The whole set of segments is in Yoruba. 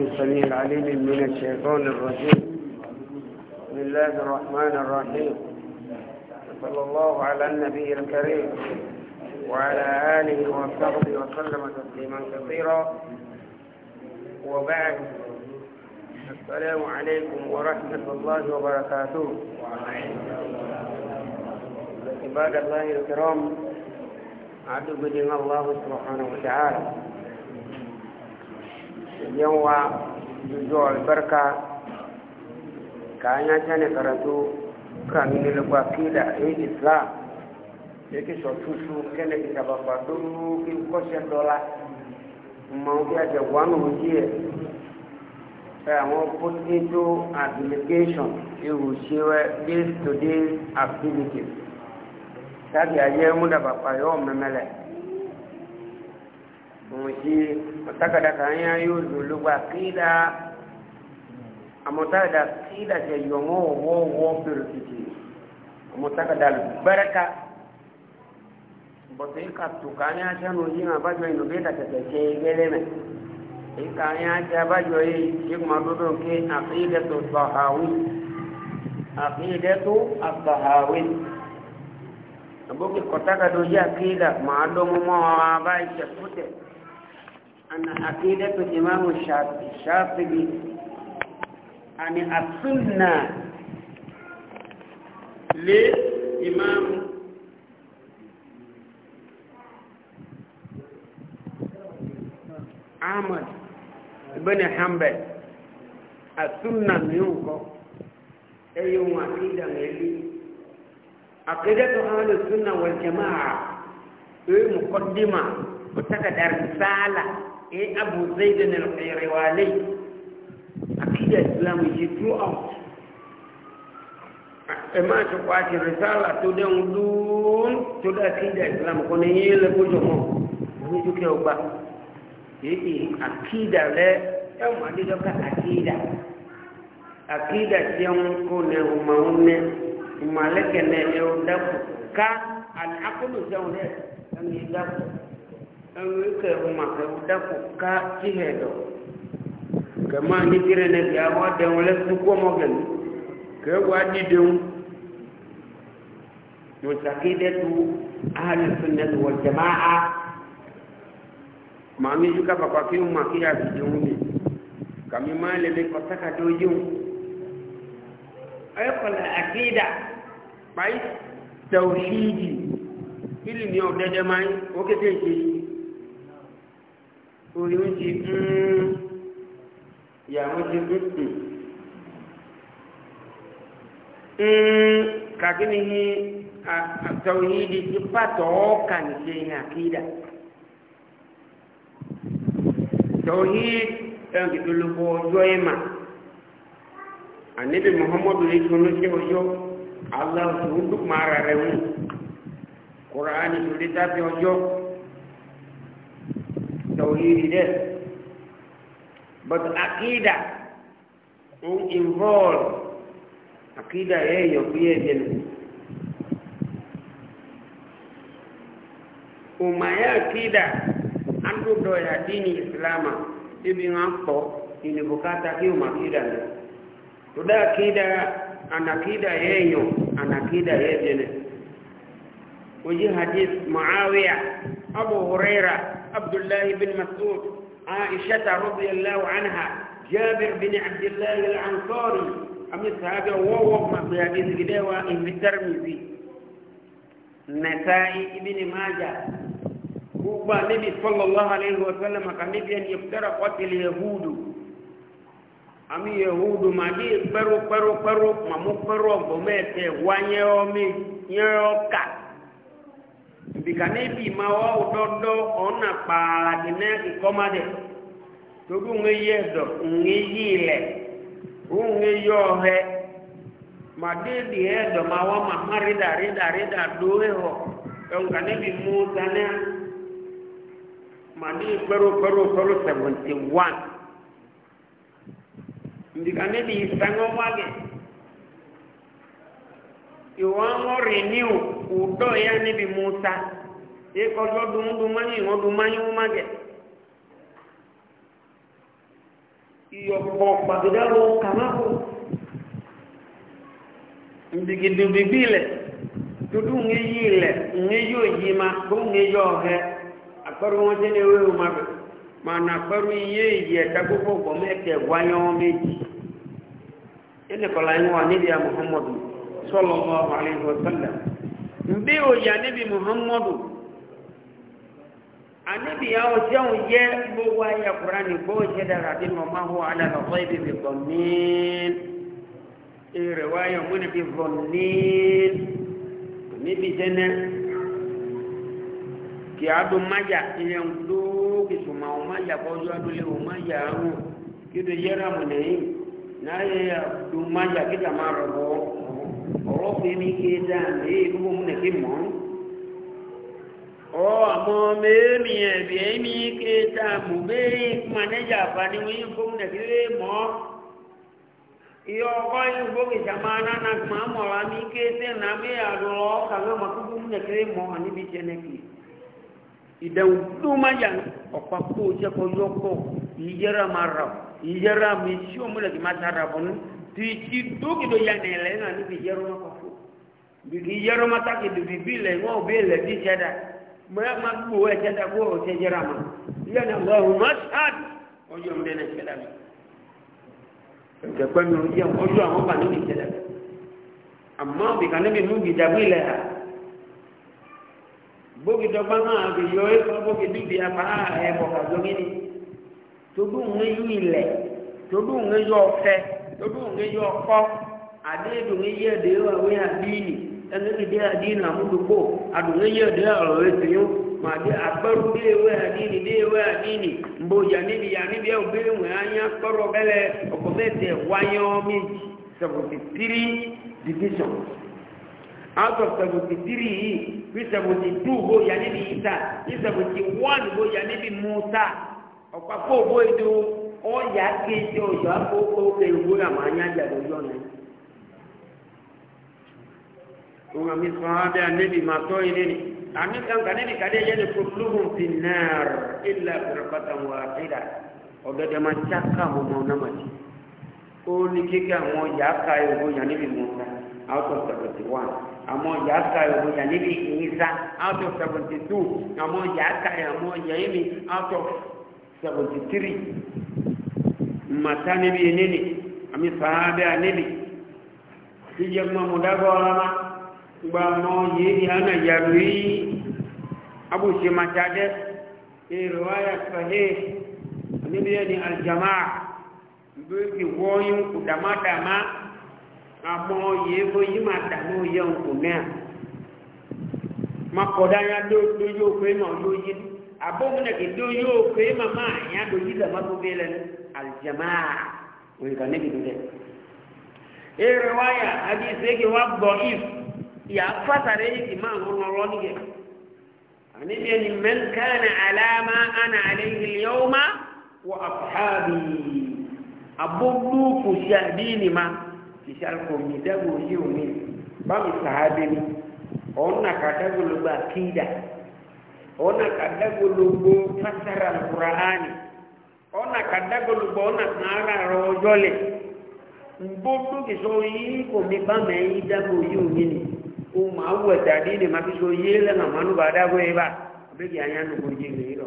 السميع العليم من الشيطان الرجيم بسم الله الرحمن الرحيم صلى الله على النبي الكريم وعلى آله وصحبه وسلم تسليما كثيرا وبعد السلام عليكم ورحمة الله وبركاته عباد الله الكرام عدو الله سبحانه وتعالى yan wa albarka ka ya ne karatu kanu ne lagwa kila e islam e ki so tusu kene ki kaba fa duru ki ko se ma o ya je wa no ji e e àwọn put into application e o se we this to this activities tabi aye mu da ba pa yo memele muji takada kanya yulu lugha kila amotada kila ya yomo wo wo birkiti amotakada baraka bote ka tukanya chano jina bajo inobeta teteke geleme ikanya cha bajo yi jigma dodo ke aqidatu sahawi aqidatu as-sahawi aboki kotaka doja kila maadomo mwa abai chakute أن عقيدة الشافعي الشاطبي أن السنة لإمام أحمد بن حنبل السنة ميوكو أيوم عقيدة ميلي عقيدة أهل السنة والجماعة إيه مقدمة وتكدر رسالة e abu zaidan al-qayrawani akida islam yi throughout e ma to kwa ti risala to de ndun to da akida islam ko ne yele ko jomo ni ju ke ogba e e akida le e ma de jo ka akida akida ti on ko ne o ma unne maleke ne o da ka al-aqlu zawne an yi da ẹnu ikẹ̀ ọmọ ẹ̀wù dẹ́kù ká tíhẹ̀ dọ̀ kẹ̀mọ́ ní kiri ní kí àwọn dẹ̀hùn lẹ́sùn kú ọmọ gẹ̀mí kẹwàá dídéhùn mùsàkédẹ́tù ahàlùsùnẹ̀tù wọ̀ jẹ̀má a màmí yúkà bàbá kí ọmọ kí àdìdéhùn ni kàmí máa lè lẹ́kọ̀ọ́ sákàtà ojúhùn ẹ̀kọ́lẹ̀ àkéèdà báyìí tẹ̀wọ̀ ṣíìdì kí lè ní ọ̀dẹ́dẹ́ máa ń ó kéde ìṣèṣì orí ń ti ń ìyàwó ti ń tù ń hmm, kàkínní ní àtọ̀yìndì ti pàtó ọ̀kà nìṣe ní àkídà tọ̀yìd ẹ̀ǹkìtolóko ọjọ́ ẹ̀mà àníbi muhammadu ní tunu ṣe ọjọ́ aláwọ̀ tó ń dùkmà ara rẹ̀ wù kúránì tó dé tábí ọjọ́ tauhidi dai but aqida un involve aqida yeye pia jeni umaya aqida andu do ya dini islama ibi ngapo inibukata hiyo makida tuda akida anakida yeyo anakida yeye jeni uji hadis muawiya abu hurairah عبد الله بن مسعود عائشة رضي الله عنها جابر بن عبد الله الأنصاري أمس هذا وهو بحديث كدوى في الترمذي نسائي بن ماجه كوبا النبي صلى الله عليه وسلم كان يفترقت اليهود أمي يهود ما دي برو برو برو ما مو برو بمت وانيومي يوكا bikanebi ma wa udodo ona kpaala di nɛɛki kɔma de tobi ŋe yɛ dɔ ŋe yi lɛ ŋe yɔ hɛ ma deebi hɛ dɔ ma wa ma ma rida rida rida do hɛ hɔ ɛnka nebi mu sanɛ ma de kpɛro kpɛro kpɛro seventy one bikanebi saŋɔ wage ìwọ́n ń renew. ụdọ ya n'ibi níbi musa ekɔdɔ dumudumanyi ŋɔdumanyi wumagɛ iyɔkpɔ gbadodalo kamako ndigidibibi lɛ tutu ŋe yi lɛ ŋe yi oyi ma bụ ŋe yi ọhịa akpɛrɛ wọn tɛ ma bɛ mana akpɛrɛ yie yɛ takoko gɔmɛ kɛ wayɔn meji ɛnɛ kɔla yi wa ne n'ibi ya muhammadu mbe oyi anabi muhammadu anabi ya ọjọun yẹ gbogbo ayé kurani gbogbo ṣe dára bí mọ̀má hó alàlọ́kọ́ ibi bí bọ̀nín èrè wáyé múni bí bọ̀nín níbi jẹ́nẹ́ kì á dùn májà ilẹ̀ ń dó kì sùnmà ọ̀ májà kọjú adúlé ọ̀ májà áhùn kí ló yẹra mọ̀ nẹ́yìn náà yẹ dùn májà kí jàmá rọ̀ bọ́ ọlọ́pẹ́ mi ké dáa mèé gbogbo mú nà ké mọ́ ọ àmọ́ mèé mi ẹ̀bí ẹ̀ mi ké dáa mú mèé manéjà àfààní wọn yín gbogbo mú nà ké lé mọ́ iye ọkọ yín gbogbo ìjàmbá nánà kùmà mọ̀ra mi ké sẹ́ nà mí àlọ́ kàwé mà gbogbo mú nà lé mọ́ àníbi tẹ́ nà ké ìdẹ̀wù tó má jà ọ̀pá kó o jẹ́ kó yọkọ̀ ìyẹ́ra máa rà ìyẹ́ra mi tí ó múlẹ̀ kì má ta rà bọ́nú tìtì dókìdó ya nà ẹlẹ náà níbi yẹrọmọ kọfọ bìkì yẹrọmọ tàkì dùbì bí lẹ wọn ò bí lẹ bí sẹdá mọ ẹ má gbó ẹ sẹdá kó ọ sẹjẹrà mọ yẹ ní ọgbà ọhún má sáàd ọjọ ń bẹ ní sẹdá mi ẹgbẹpẹ mi ò yẹ ọjọ àwọn bà níbi sẹdá mi àmọ bìkà níbi mú gìdàgbé lẹ ha bókìdó bá máa bì yọ ẹ kọ bókìdó bì apá ẹ bọ̀ kàdó gidi tó dùn ń yí ilẹ̀ tó dùn ń yọ ọfẹ́ dodo nge yo ko ade do nge ye de wa we adini ene ni de adini amudu ko adu nge ye de ro we tiyo ma de agbaru de we adini de we adini mbo ya ni ni ya ni de obe mu anya toro bele okobete wayo mi 73 divisions out of 73 bi 72 bo ya ni bi isa ni 71 bo ya ni bi musa ọ̀pá fóògbó ètò ọ̀yà kejì ọ̀yà àkókò kéwù náà máa ń yájà lójú ọ̀nà yìí. Wọ́n mi sọ abẹ́ anébi máa tọ́ ilé ni. Àmì kan kàdé ni kàdé yẹn ni kúlùmù fi náàr ilà pẹ̀rẹ̀pẹ̀tà wà síra. Ọ̀gẹ̀dẹ̀ máa ṣáká àwọn ọmọ náà màtí. Ó ní kíkẹ́ àwọn ọ̀yà ká ìwò yà níbi mọ̀ọ́ta out of seventy one. Àmọ́ ọ̀yà ká ìwò yà níbi ìyíṣà out of seventy two. Àmọ́ ọ̀yà ká ìwò yà níbi out of seventy three mata ne bi ne ne ami sahaba ne bi ti je ma mu dago ma ba mo ye ya na ya ri abu shi mata de e riwaya sahih ni bi ne al jamaa bi ki woyin ku da ma da ma amo ye ko yi ma da mo ye ku ne ma ko da ya do do yo ko ma do yi abomuna gido yo kwe mama ya do yiza mabugelen aljamaa wika ne gido de e riwaya hadisi ke wa dhaif ya fasare yi ma ngorno loni ge ani bi ni man kana ala ma ana alayhi alyawma wa ashabi abudu kushadini ma kishal ko mi dago yi o mi ba mi sahabi ni onna katagulu ba kida ona kada kadagolugo fasara alqur'ani ona kada kadagolugo ona nara rojole mbodu kiso yi ko mi ba me ida go ni ngini o ma wa dadi ne ma kiso yi le na manu ba da go e ba be ki anya no goje le iro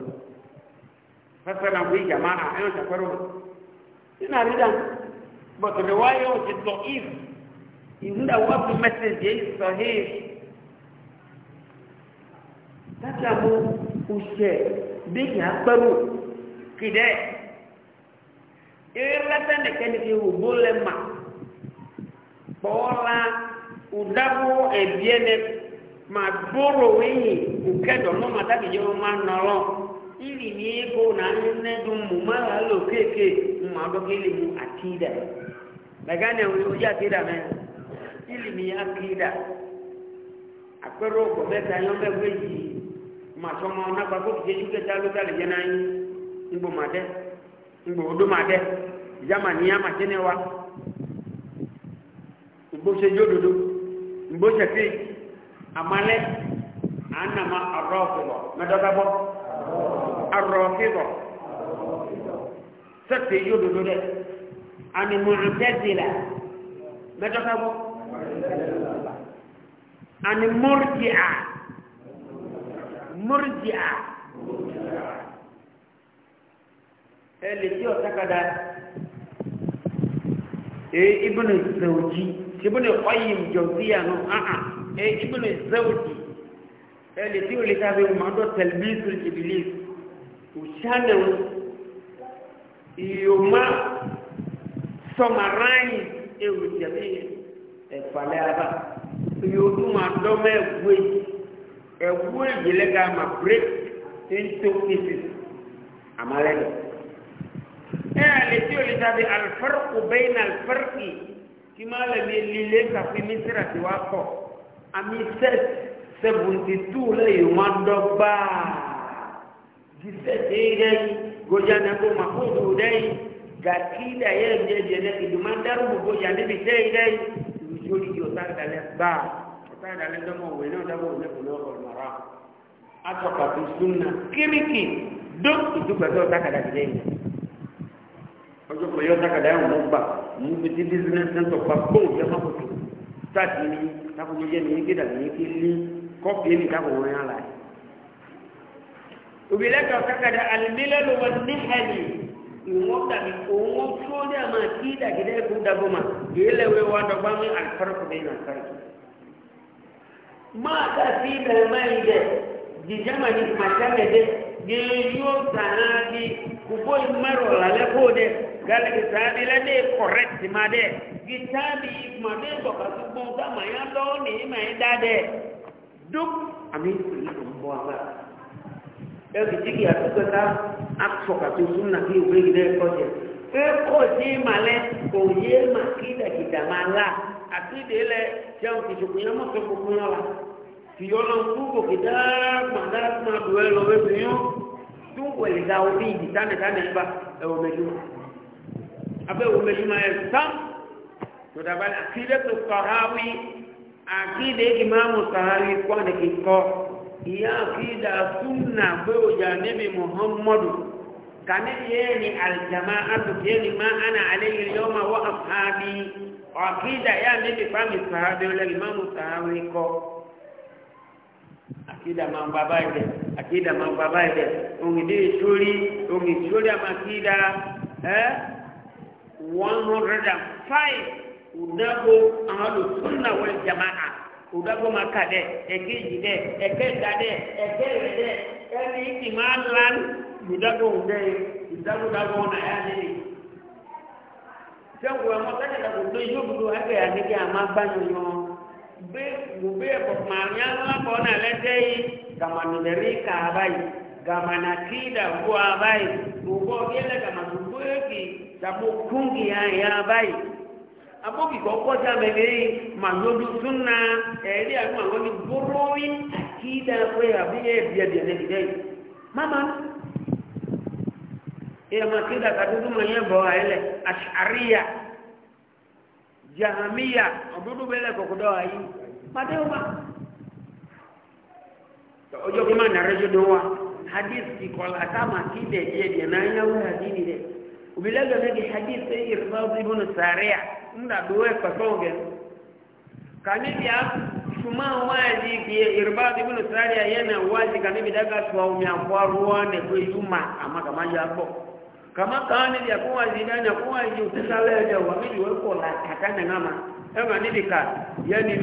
fasara wi jamaa ayo ta kwaro ina rida but riwaya o ti do if inda wa message yi sahih Tatabu ushe biki akparu kide. Irata nekeni ki hubule ma. Bola udabu ebiene madoro winyi ukedo no mataki yo manolo. Ili ni ego na nne dumu mara lo keke mmadoki ilimu akida. Megane uja akida me. Ili ni akida. Akwero ko beta yombe weji màtọ́mọ nágbà kó kìí ṣúkẹ́ tá ló dálẹ̀ jẹ́nà yín ńgbò má dẹ́ ńgbò odó má dẹ́ ìjàmà ní àmà tẹ́nẹ̀ wa ńgbóṣe jódodo ńgbóṣe fi àmàlẹ́ ànàmà ọ̀rọ̀ ọ̀fìbọ̀ mẹ́tọ́kábọ́ ọ̀rọ̀ ọ̀fìbọ̀ sẹ́tẹ̀ jódodo dẹ́ ànìmọ̀ àtẹ́sílà mẹ́tọ́kábọ́ ànìmọ̀rìtìà múrìdìá ẹ lè tí ọ̀sákadà ee ibùnú zèwòjì ibùnú ọ̀yìn jọ̀síyà nù áhà ee ibùnú zèwòjì ẹ lè tí olùkọ́ abẹ́ wọn ọdọ tẹlifíṣù ìbílẹ̀ òṣìṣẹ́ ìyọ̀má sọmaráyìn ewu jẹ̀mí ẹ̀fàlẹ́ ara yóò tún máa dọ́mẹ́ wéyìí a wool yilegama break into pieces amalelo eh, ale ti oli sabi alfarqu bayna alfarqi kimala mi lile ka fi misra ti wa ko ami set seventy two le yi wọn dọgba jisẹsẹ yẹn gojana ko ma ko do dẹyin gakida yẹn jẹjẹrẹ ìdùnnú adarúgbò gojana bi dẹyin dẹyin ìdùnnú yóò di yóò sáré dalẹ gbáà sáyidà ní dọ́mọ òwe náà dábọ̀ òwe kò lọ́wọ́ ọ̀rọ̀ mọ̀rọ̀ atọ́ka fi súnà kíríkì dó ìdúgbàtọ́ ọ̀tàkàdà ti dẹ́yìn ọjọ́ pẹ̀lú ọ̀tàkàdà yẹn wọ́n gbà mú pété business center pa bóun yẹ má kòtò táàtì ní káfọ́n yẹ ní kéde àti ní kéde kọ́ọ̀kì yẹn ní káfọ́n wọn yẹn láyé. òbí lẹ́kọ̀ọ́ ọ̀tàkàdà àlùmílẹ́lù wọn ní hẹ́lì ìwọ́n tàbí òun tó dẹ́ àmà kí dàgídẹ́ kú dàgbọ́mà yìí lẹ́wẹ́ wọn dọ́gbàmí àlùfáàrọ̀ kò máa kàtí ìbẹ̀rẹ̀ máa ń jẹ jìjẹ́mà ní màṣẹ́mẹ̀dẹ́ yóò tàn án bí gbogbo ìmọ̀rọ̀ lálẹ́ kó dẹ gálẹ̀ kìtàbí lẹ́dẹ̀ kọ̀rẹ́tì máa dẹ kìtàbí ìmọ̀dé bọ̀kà tó gbọ́n sáàmà yá lọ́wọ́ ní ìmọ̀ ẹ̀ dá dẹ dúk àmì ìlú ń bọ́ àgbà ẹ̀rù jìgì àtúkọ̀tà àtúkọ̀tà tó sún nàbí òwe ìdẹ́kọ̀jẹ̀ ẹ̀kọ́ sí ìmàlẹ́ òye màkìdàkìdà máa láà akide lɛ tiɛn kutsuku yɛ mɔtɔ kuku yɛ la tiyɔlɔ ŋkugo kitaa gbada kuma do yɛ lɔ bɛ tuyɔ tó wɛli ka wo bi yi tani tani ba ɛwɔ mɛ yi ma abe wo mɛ yi ma yɛ sam to daba akide to sɔhawi akide imaamu sɔhawi kɔni ki kɔ iya akida sunna gbɛ o ja nebi muhammadu kane yɛ ni alijama ato yɛ ni ma ana ale yi yɔ ma wa asaabi akida ya níbi fámi sàábé ọlẹ́rì máa mú sàáwé kọ́ akida máa ń bàbá ẹ̀dẹ̀ akida máa ń bàbá ẹ̀dẹ̀ òun ìdí ìsórí òun ìsórí àmà akida ẹ́ one hundred and five òdàgbò àwọn olùsúnnà wọlé jama'a òdàgbò máa kà dẹ ẹ̀kejì dẹ ẹ̀kẹta dẹ ẹ̀kẹrẹ de ẹni ìtì máa ń lan òdàgbò òun dẹ ìdàgbò dàgbò na yá níbi sẹ́wọ̀n ọmọ sẹ́yìn náà kò tó yóò dúró ẹgbẹ́ àdéhùn àmọ́ agbányọ̀yọ́ gbé gbogbo ẹ̀kọ́ màmí alábọ̀ náà lẹ́sẹ̀ yìí gàmánulẹ̀rí kà á báyìí gàmánà kí ìdàgbò á báyìí gbogbo ọ̀gẹ́lẹ̀ gàmánulẹ̀rí kì dàgbò kúngì àyà báyìí abókìkọ́ kọjá mẹ́lẹ́ yìí màlódù súnà ẹ̀rí àwọn àwọn ní bóró iya matida kadudu mwenye bawa ile asharia jahamia odudu bele kokudoa hii madeuma ojo kima na rejo doa hadith ikola kama kide jedi na ina wewe hadini ile ubilaga negi hadith hii irfad ibn saria mna doe kwa songe kanibia shuma wazi kie irfad ibn saria yana wazi kanibia daga kwa umya kwa ruone kwa juma ama kama yako kama kaani dia kuwa zidani kuwa yutesa leja wa mimi weko la katana ngama ama nilika yani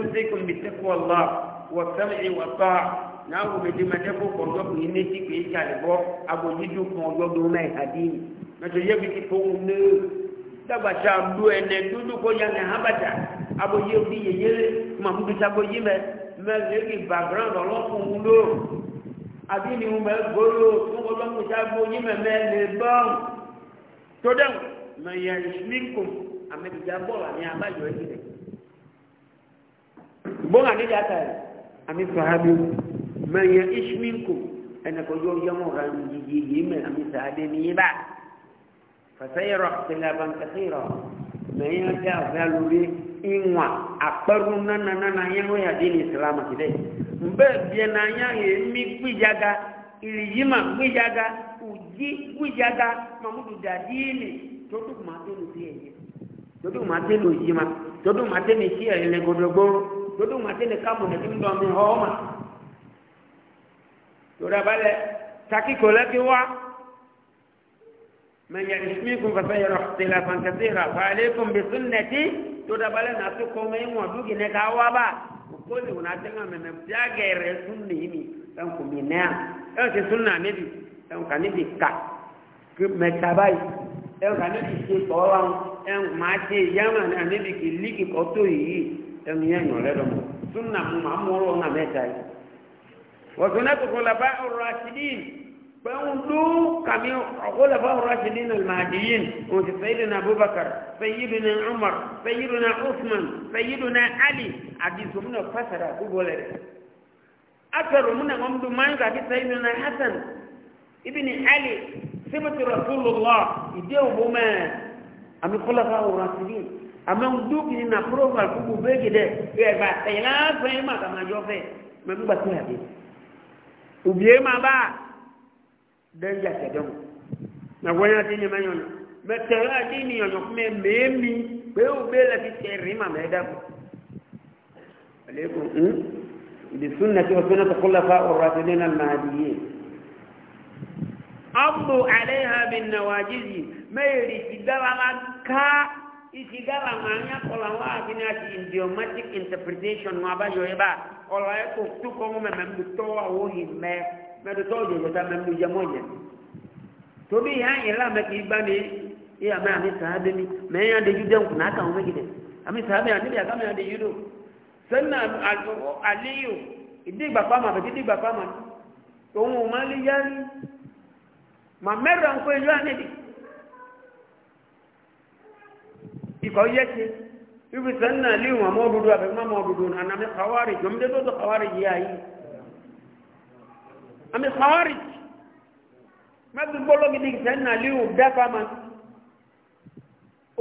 usikum bi taqwa Allah wa sam'i wa ta'a nawo bidima tepo kondo kuine ti ke chale bo abojidu kondo do mai hadini na to yebi ti ponne daba chambu ene dudu ko yana habata aboyebi yeye background àbí ni wọn bẹ gbóró wọn kọ lọkùn sábò yín mẹmẹ lè bọ́n tó dẹ̀ mọ ìyá ìsìnkùn àmẹ́bìjà bọ́ọ̀lù àmì àbájọ ẹ̀ sílẹ̀ bọ́ọ̀lù àmì ìjà tàyè àmì sàhábì mọ ìyá ìsìnkùn ẹnìkan yóò yẹmọ ra yìí yìí mẹ àmì sàhábì ní yín bá fàṣẹyẹrọ tìlẹ̀bà nkàṣẹyẹrọ mẹ ìyá tẹ àfẹ́ lórí ìwọ̀n àpẹrù nánà mbebie na anya emi gbijaga iliyima gbijaga uji gbijaga mamudu dadini todo matelo biye todo matelo homa tora bale من يعشميكم فسيرى اختلافا كثيرا فعليكم بسنتي تدبلنا سكومين ودوكي نكاوابا ukoli unatenga meme pyage re sunni himi tan kuminea eo ti sunna nibi eo kanibi ka mẹtabai eo kanibi ti tọwa eo ma ti yama na nibi ki liki koto yi eo ni yẹn rẹ dọmọ sunna mu ma mọrọ na mẹta yi wọ́n tún náà tó kọ́ labá ọ̀rọ̀ àṣìlíì فانظروا كم خلفاء الراشدين المهديين سيدنا أبو بكر سيدنا عمر سيدنا عثمان سيدنا علي حديث من فسر أبو أكثر من أمد في سيدنا حسن ابن علي سمة رسول الله يديه بما أمي خلفاء الراشدين أما ندوك لنا بروفا أبو بكر ده يبقى سيلا فيما كما جوفي ما بيبقى سيها بيه وبيه ما بقى dẹ́njà tẹ̀dọ́ mọ̀ na wọ́n yá dín ní mẹ́yọ̀ nù mẹ́tẹ̀ yá dín ní ọ̀yọ̀ fún mi mẹ́mí pé ó gbé láti tẹ̀ rí màmá ẹ̀ dàgbọ́ àlékún ń hmm? ìdí súnà tí wọ́n súnà tó kọ́lá fa ọ̀rọ̀ àti nínú àmàdìyẹ. ọ̀bù àléhà mi nà wà jíjì mẹ́rì ìdáwàlá ká ìsìgára máa ń yàtọ̀lá wá àti ní àti idiomatic interpretation wọn abájọ yẹ bá ọ̀rọ̀ ẹ̀kọ́ tó kọ́ mọ́ mẹ́mẹ́ mi tọ́ àwọn òhìn mẹ́ẹ́ mẹ́tò tó yẹ yẹta mẹ́mú yẹ mọ́ yẹn tobi yà yẹ la mẹ́ kì í gbá mi yẹ àmì àmì sàábẹ́ mi mẹ́ yà dé júdẹ́ nkùnà àkàwọn mẹ́gìdẹ́ àmì sàábẹ́ àti bíyà kàmì àdé yúdò sẹ́nà àlíyò ìdígbà pàmò àbẹ̀tí ìdígbà pàmò òun ò má lé yá ni mà mẹ́rọ̀ nkó ìlú ànẹ́bí ikọ̀ yẹ ti ibi sẹ́nà àlíyò àmọ́ òdodo àbẹ̀mọ́ àmọ́ òdodo ànàmì kàwárì jọmọdé tó tó kàwárì yìí ayé àmì kọ́ọ̀rì mẹ́bí gbọ́lọ́gidi ìsẹ́ni àlíò dáfà ma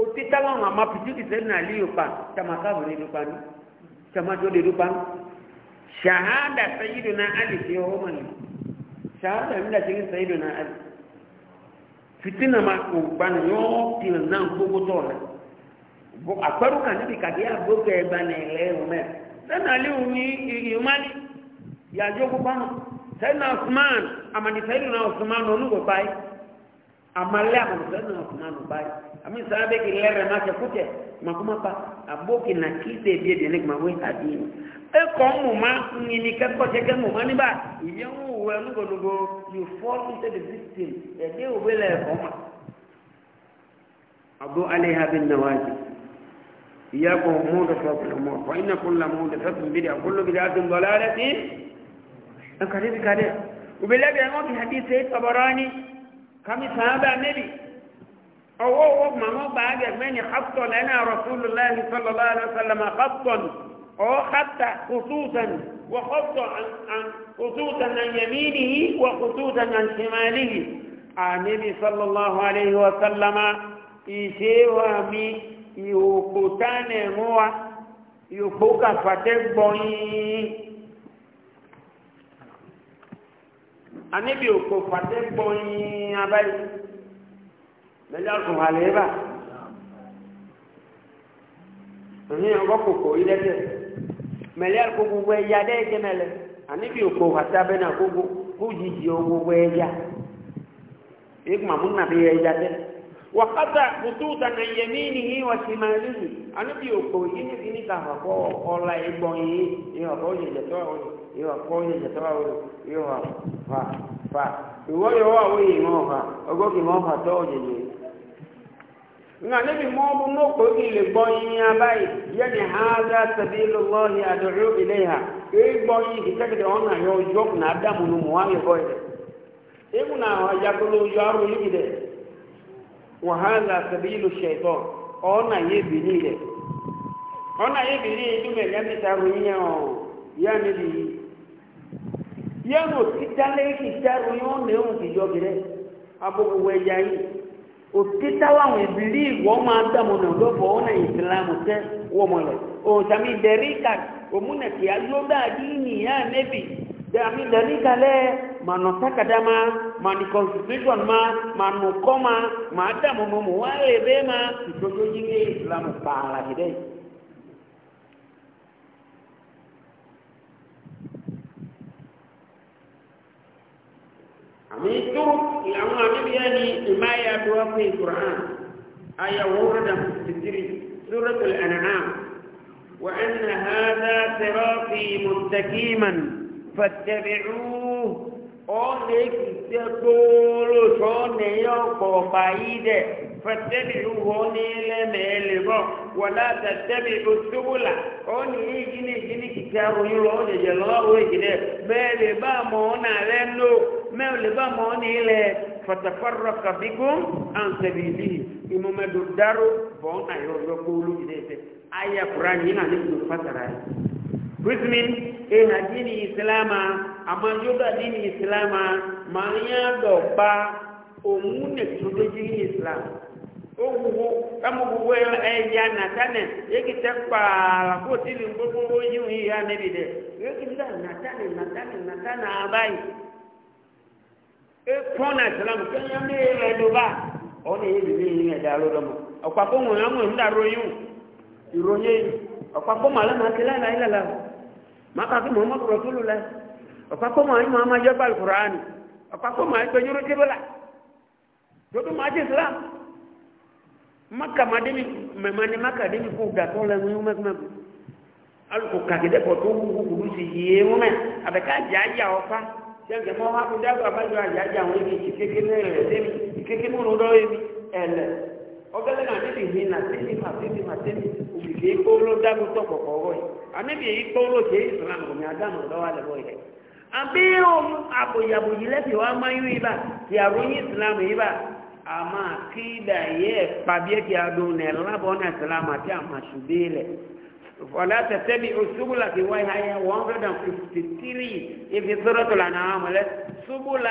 òtí táwọn àmà pìtú ìsẹ́ni àlíò pa tàmàkàwò lè lópa ní tàmàjọ lè lópa ní ṣàhádà sẹ́yìdò náà alì fi ọwọ́ mọ̀ ní ṣàhádà nígbà tí ń sẹ́yìdò náà alì fìtínà ma kò gbani yọ́ tìlẹ̀ náà gbogbo tọ̀ rẹ̀ àpẹrù kan níbi kàdé àgbókè ẹgbani ẹ̀lẹ́ ẹ̀rùmẹ́ sẹ́ni àlíò ní ìyọ̀mánì yàjọ́ gbogbo náà sẹ́yìn náà Usman àmàdì sẹ́yìn náà Usman olúwo báyìí àmàlẹ́ àmàdì sẹ́yìn náà Usman báyìí àmì sábẹ́ kì lẹ́rẹ̀ máa ṣe kúkẹ́ màkúmá pa àbókì nà kí ṣe bí ebi ẹ̀nẹ́gbà wé àdé yìí ẹ kọ́ mọ̀ má ní ní ṣe kẹ́ mọ̀ má níbà ìyẹ́ ń wù ẹ́ nígbàdógó you fall into the system ẹ̀dẹ́ òwe lẹ̀ ẹ̀kọ́ mà. àbó alẹ́ ha bí nàwájú ìyá kò mú kò mọ̀ fọ́ iná kò lámú kò bí dà kó lóbi dà tó ń bọ̀ lára sí. الحديث كده وبالله بيعمل في حديث سيد طبراني كم صحابة النبي أو أو ما ما بعد من خط لنا رسول الله صلى الله عليه وسلم خطا أو خط خصوصا وخط عن, عن خصوصا عن يمينه وخصوصا عن شماله النبي صلى الله عليه وسلم إيشيوا مي يوكتان موا يفوك فتبوين anabi òkò fàdé gbọnyin abayi lẹyìn ọsùn àlè bá ẹhìn ọgọ kòkò yìí lẹsẹ mẹlẹ gbogbo ẹyà dẹ ẹgbẹmẹ lẹ anabi òkò fàdé abẹ náà gbogbo kó nàbí dẹ. wakata kututa na ihe wa shimalihi anabi òkò yìí ní kíní ká àkọ́ ọ̀la ìgbọ̀n yìí ìwà kọ́ yìí jẹ̀tọ́ àwọn ìwà nga ha وهذا سبيل الشيطان أنا يبني لك أنا ya لك يبني تاروين يا نبي يا مستدلي كتاروين نيوم في جوجره أبو ويجاي òtítàwọn àwọn ìbílí ìwọ máa islam náà lọ́bọ̀ ọ̀nà ìsìlámù tẹ́ wọ́n mọ̀lẹ̀ òǹtàmì ìdẹ̀ríkà òmùnàkì ayọ́dá àdínìyàn nẹ́bì dami dalika le mano takada ma mani constitution ma mano koma ma damu mumu wale bema kitoto jinge islamu pala hide ami turuk ilamu ami yani imaya dua fi quran aya wurda 63 suratul an'am wa anna hadha sirati mustaqima fẹ̀tẹ̀bìrúhù ọ̀nà èkìtẹ́ gbòòrò tó ọ̀nà ọ̀pọ̀ ọ̀pá yìí dẹ̀ fẹ̀tẹ̀bìrúhù ọ̀nà ẹlẹ́mẹ̀ẹ́lẹ̀ bọ̀ wọ̀lá tẹ̀tẹ̀bì òṣùbùlà ọ̀nà ìjìnì ìjìnì kìkẹ́ àròyìn lọ ọ̀nà ìjẹ̀ lọ́wọ́ ìjìnlẹ̀ mẹ́ẹ̀lẹ̀ bá mọ̀ ọ̀nà rẹ̀ ń lò mẹ́ẹ̀lẹ̀ bá mọ̀ ọ̀nà ilẹ̀ fatafarraka bikum an sabilihi imumedu daru bon ayo yo kulu ide aya qur'an ina ni fasara brisbane ena eh, dini islama dini islama omune tudo dini islam ogugu kama gugu ya na tane ko tili ya nebi na tane na tane na tane abai eh, islam kenya mi le do ba ɔne ye bibi yi ɛda alo dɔ mo ɔkpakpo ŋun amu ŋun da ro ma ma makasi muhammadu rasulillah ọ̀pákọ́ máa ń máa máa yẹ́ báyìí kùránì ọ̀pákọ́ máa ń pẹ́ yóró tí bọ́lá dodo máa jẹ́ islam maka máa dé ní mẹ́ma ní maka dé ní kó gàtọ́ lẹ́nu yóò mẹ́gbẹ́mẹ́ alùpùpù kàkídẹ́ pọ̀ tó wúwo kùdú sí yìí mú mẹ́ àbẹ̀ká jà yà ọ̀pá sẹ́ńkẹ́ mọ́ wá kó dágbà bá yọ àjà jà ọgẹlẹ náà níbi ìhìn náà tẹlẹ máa tẹlẹ máa tẹlẹ òbílẹ kóró dágbó tọpọ kọwọ yìí àníbi èyí kóró tẹ ìsìlámù ọmọ adámọ lọwọ àlẹbọ yìí àbí ohun àbòyàbò yìí lẹbi wa máa yún yìí bá ti àròyìn ìsìlámù yìí bá àmà kí ìdá yẹ pàbí ẹkẹ adùn nà ẹlábọ náà ìsìlámù àti àmàṣùbí lẹ ولا تتبعوا السبل في وهي 153 في سورة الأنعام سبل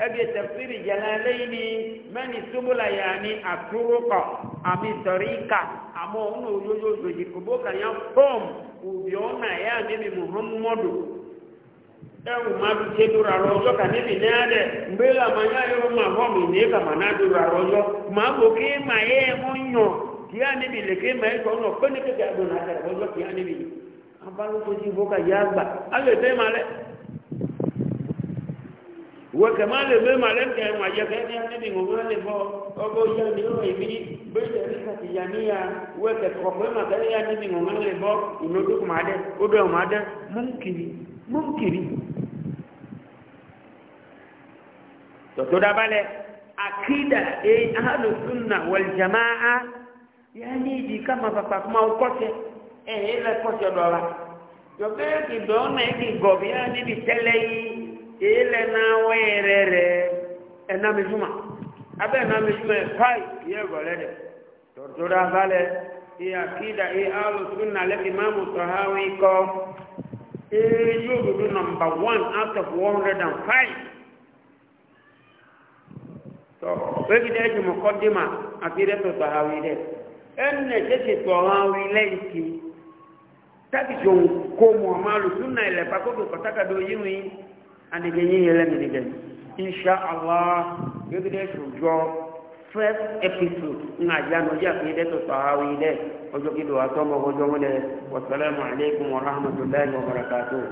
أبي تفسير جلالين من السبل يعني الطرق أم طريقة أم أنه يجوز يجيبوك يفهم وبيونا يا نبي محمد ẹwù máa fi ṣe dúró àrọ ọjọ́ kà níbi ní àdẹ gbé làmọ́ yá yóò máa fọ́ mi ní kàmá náà dúró àrọ ọjọ́ máa bò kí màá yẹ ẹ mọ́ yàn kia níbi lèké mẹ́ ìtọ́ náà pé ní kékeré àdó náà tẹ̀lé ọjọ́ kia níbi abálòpọ̀jì ìfowópamọ́ yá gbà alè bẹ́ẹ̀ ma lẹ́ wọ́n kẹ̀ máa lè bẹ́ẹ̀ ma lẹ́ kẹ́ wọ́n ayẹ kẹ́ ní níbi wọ́n máa lè fọ́ ọgbọ́ yá ní ọ̀rọ̀ ìbí bẹ́ẹ̀ ní kàtí yá níyà wọ́n kẹ̀ kọ̀ pé mà kẹ́ yá níbi wọ́n máa lè fọ́ ìnodókò máa dẹ́ odò ọ̀ máa dẹ́ mọ́nkiri mọ́nkiri tọ́tọ́ dábàlẹ̀ akídà ẹ̀ eh, ahàlùsùn náà wọ̀l yaani hivi kama papa kama ukose eh ile kote dola yobe kidona hiki gobi yaani bitelei ile na werere ena mizuma abe na mizuma kai ye golede tortura vale hii akida hii alu sunna le imamu tahawi ko hii yudu number 1 out of 105 to wewe kidaje mukaddima akida tahawi de ẹnẹ tètè tọ àwọn ilẹ̀ ìkì tábìtì òun kó mu ọmọ alùpùpù náà ilẹ̀ pàkókò pàtàkàdé oyé mi anìgbè yín yẹn lẹ́nu insha allah gbẹgbẹdẹ first episode ń àjánu ọjà fi dẹ́tọ̀ tọ àwọn ilẹ̀ ọjọ́ kí lóò àtọ́mọ́ ọjọ́ mọ́lẹ̀ wasalaamu alaykum wa rahmatulahi wa barakatuh.